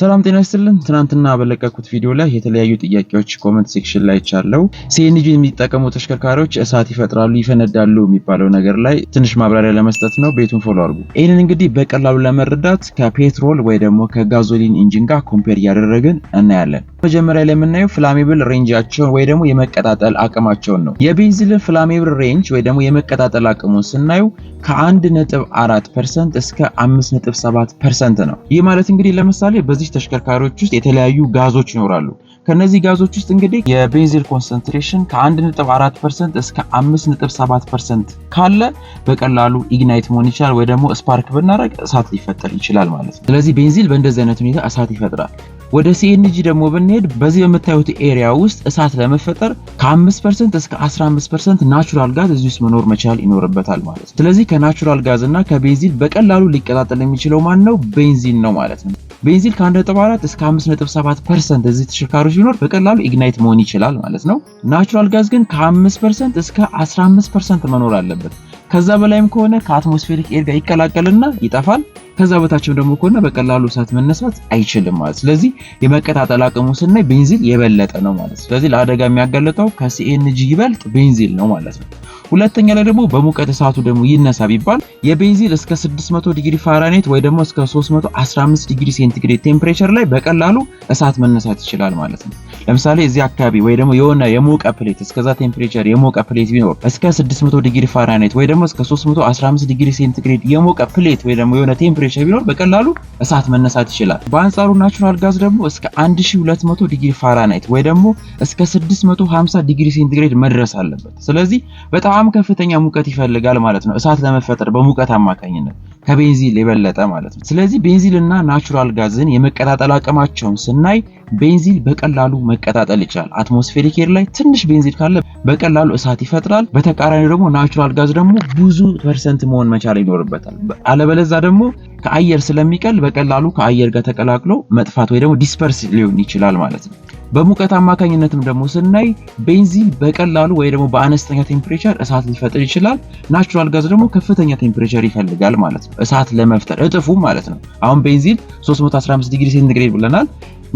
ሰላም ጤና ይስጥልን። ትናንትና በለቀኩት ቪዲዮ ላይ የተለያዩ ጥያቄዎች ኮመንት ሴክሽን ላይ ቻለው። ሲኤንጂ የሚጠቀሙ ተሽከርካሪዎች እሳት ይፈጥራሉ፣ ይፈነዳሉ የሚባለው ነገር ላይ ትንሽ ማብራሪያ ለመስጠት ነው። ቤቱን ፎሎ አድርጉ። ይህንን እንግዲህ በቀላሉ ለመረዳት ከፔትሮል ወይ ደግሞ ከጋዞሊን ኢንጂን ጋር ኮምፔር እያደረግን እናያለን። መጀመሪያ ላይ የምናየው ፍላሜብል ሬንጃቸውን ወይ ደግሞ የመቀጣጠል አቅማቸውን ነው። የቤንዚልን ፍላሜብል ሬንጅ ወይ ደግሞ የመቀጣጠል አቅሙን ስናየው ከ1.4 ፐርሰንት እስከ 5.7 ፐርሰንት ነው። ይህ ማለት እንግዲህ ለምሳሌ በዚህ በእነዚህ ተሽከርካሪዎች ውስጥ የተለያዩ ጋዞች ይኖራሉ። ከነዚህ ጋዞች ውስጥ እንግዲህ የቤንዚል ኮንሰንትሬሽን ከ1.4% እስከ 5.7% ካለ በቀላሉ ኢግናይት መሆን ይችላል፣ ወይ ደግሞ ስፓርክ ብናደረግ እሳት ሊፈጠር ይችላል ማለት ነው። ስለዚህ ቤንዚል በእንደዚህ አይነት ሁኔታ እሳት ይፈጥራል። ወደ ሲኤንጂ ደግሞ ብንሄድ በዚህ በምታዩት ኤሪያ ውስጥ እሳት ለመፈጠር ከ5% እስከ 15% ናቹራል ጋዝ እዚህ ውስጥ መኖር መቻል ይኖርበታል ማለት ነው። ስለዚህ ከናቹራል ጋዝ እና ከቤንዚን በቀላሉ ሊቀጣጠል የሚችለው ማን ነው? ቤንዚን ነው ማለት ነው። ቤንዚል ከ1.4 እስከ 5.7% እዚህ ተሽከርካሪ ሲኖር በቀላሉ ኢግናይት መሆን ይችላል ማለት ነው። ናቹራል ጋዝ ግን ከ5% እስከ 15% መኖር አለበት። ከዛ በላይም ከሆነ ከአትሞስፌሪክ ኤር ጋር ይቀላቀልና ይጠፋል። ከዛ በታችም ደግሞ ከሆነ በቀላሉ እሳት መነሳት አይችልም ማለት። ስለዚህ የመቀጣጠል አቅሙ ስናይ ቤንዚል የበለጠ ነው ማለት። ስለዚህ ለአደጋ የሚያጋለጠው ከሲኤንጂ ይበልጥ ቤንዚል ነው ማለት ነው። ሁለተኛ ላይ ደግሞ በሙቀት እሳቱ ደግሞ ይነሳ ቢባል የቤንዚል እስከ 600 ዲግሪ ፋራናይት ወይ ደግሞ እስከ 315 ዲግሪ ሴንቲግሬድ ቴምፕሬቸር ላይ በቀላሉ እሳት መነሳት ይችላል ማለት ነው። ለምሳሌ እዚህ አካባቢ ወይ ደግሞ የሆነ የሞቀ ፕሌት እስከዛ ቴምፕሬቸር የሞቀ ፕሌት ቢኖር እስከ 600 ዲግሪ ፋራናይት ወይ ደግሞ እስከ 315 ዲግሪ ሴንቲግሬድ የሞቀ ፕሌት ወይ ደግሞ የሆነ ቴምፕሬቸር ቴምፕሬቸር ቢኖር በቀላሉ እሳት መነሳት ይችላል። በአንጻሩ ናቹራል ጋዝ ደግሞ እስከ 1200 ዲግሪ ፋራናይት ወይ ደግሞ እስከ 650 ዲግሪ ሴንቲግሬድ መድረስ አለበት። ስለዚህ በጣም ከፍተኛ ሙቀት ይፈልጋል ማለት ነው እሳት ለመፈጠር በሙቀት አማካኝነት ከቤንዚል የበለጠ ማለት ነው። ስለዚህ ቤንዚል እና ናቹራል ጋዝን የመቀጣጠል አቅማቸውን ስናይ ቤንዚል በቀላሉ መቀጣጠል ይችላል። አትሞስፌሪክ ኤር ላይ ትንሽ ቤንዚል ካለ በቀላሉ እሳት ይፈጥራል። በተቃራኒ ደግሞ ናቹራል ጋዝ ደግሞ ብዙ ፐርሰንት መሆን መቻል ይኖርበታል። አለበለዛ ደግሞ ከአየር ስለሚቀል በቀላሉ ከአየር ጋር ተቀላቅሎ መጥፋት ወይ ደግሞ ዲስፐርስ ሊሆን ይችላል ማለት ነው። በሙቀት አማካኝነትም ደግሞ ስናይ ቤንዚን በቀላሉ ወይ ደግሞ በአነስተኛ ቴምፕሬቸር እሳት ሊፈጥር ይችላል። ናቹራል ጋዝ ደግሞ ከፍተኛ ቴምፕሬቸር ይፈልጋል ማለት ነው፣ እሳት ለመፍጠር እጥፉ ማለት ነው። አሁን ቤንዚን 315 ዲግሪ ሴንቲግሬድ ብለናል።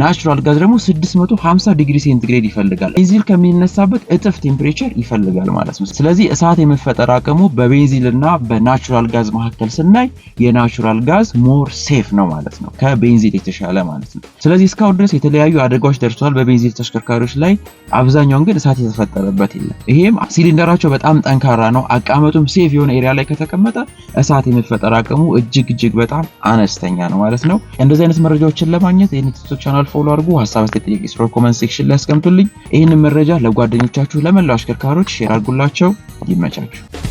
ናቹራል ጋዝ ደግሞ 650 ዲግሪ ሴንቲግሬድ ይፈልጋል። ቤንዚል ከሚነሳበት እጥፍ ቴምፕሬቸር ይፈልጋል ማለት ነው። ስለዚህ እሳት የመፈጠር አቅሙ በቤንዚል እና በናቹራል ጋዝ መካከል ስናይ የናቹራል ጋዝ ሞር ሴፍ ነው ማለት ነው፣ ከቤንዚል የተሻለ ማለት ነው። ስለዚህ እስካሁን ድረስ የተለያዩ አደጋዎች ደርሰዋል በቤንዚል ተሽከርካሪዎች ላይ። አብዛኛውን ግን እሳት የተፈጠረበት የለም። ይሄም ሲሊንደራቸው በጣም ጠንካራ ነው፣ አቀመጡም ሴፍ የሆነ ኤሪያ ላይ ከተቀመጠ እሳት የመፈጠር አቅሙ እጅግ እጅግ በጣም አነስተኛ ነው ማለት ነው። እንደዚህ አይነት መረጃዎችን ለማግኘት የኔ ቻናል ቻናል ፎሎ አድርጉ። ሀሳብ አስተያየት፣ ጥያቄ ስለ ኮመንት ሴክሽን ላይ አስቀምጡልኝ። ይህንን መረጃ ለጓደኞቻችሁ፣ ለመላው አሽከርካሪዎች ሼር አድርጉላቸው። ይመቻችሁ።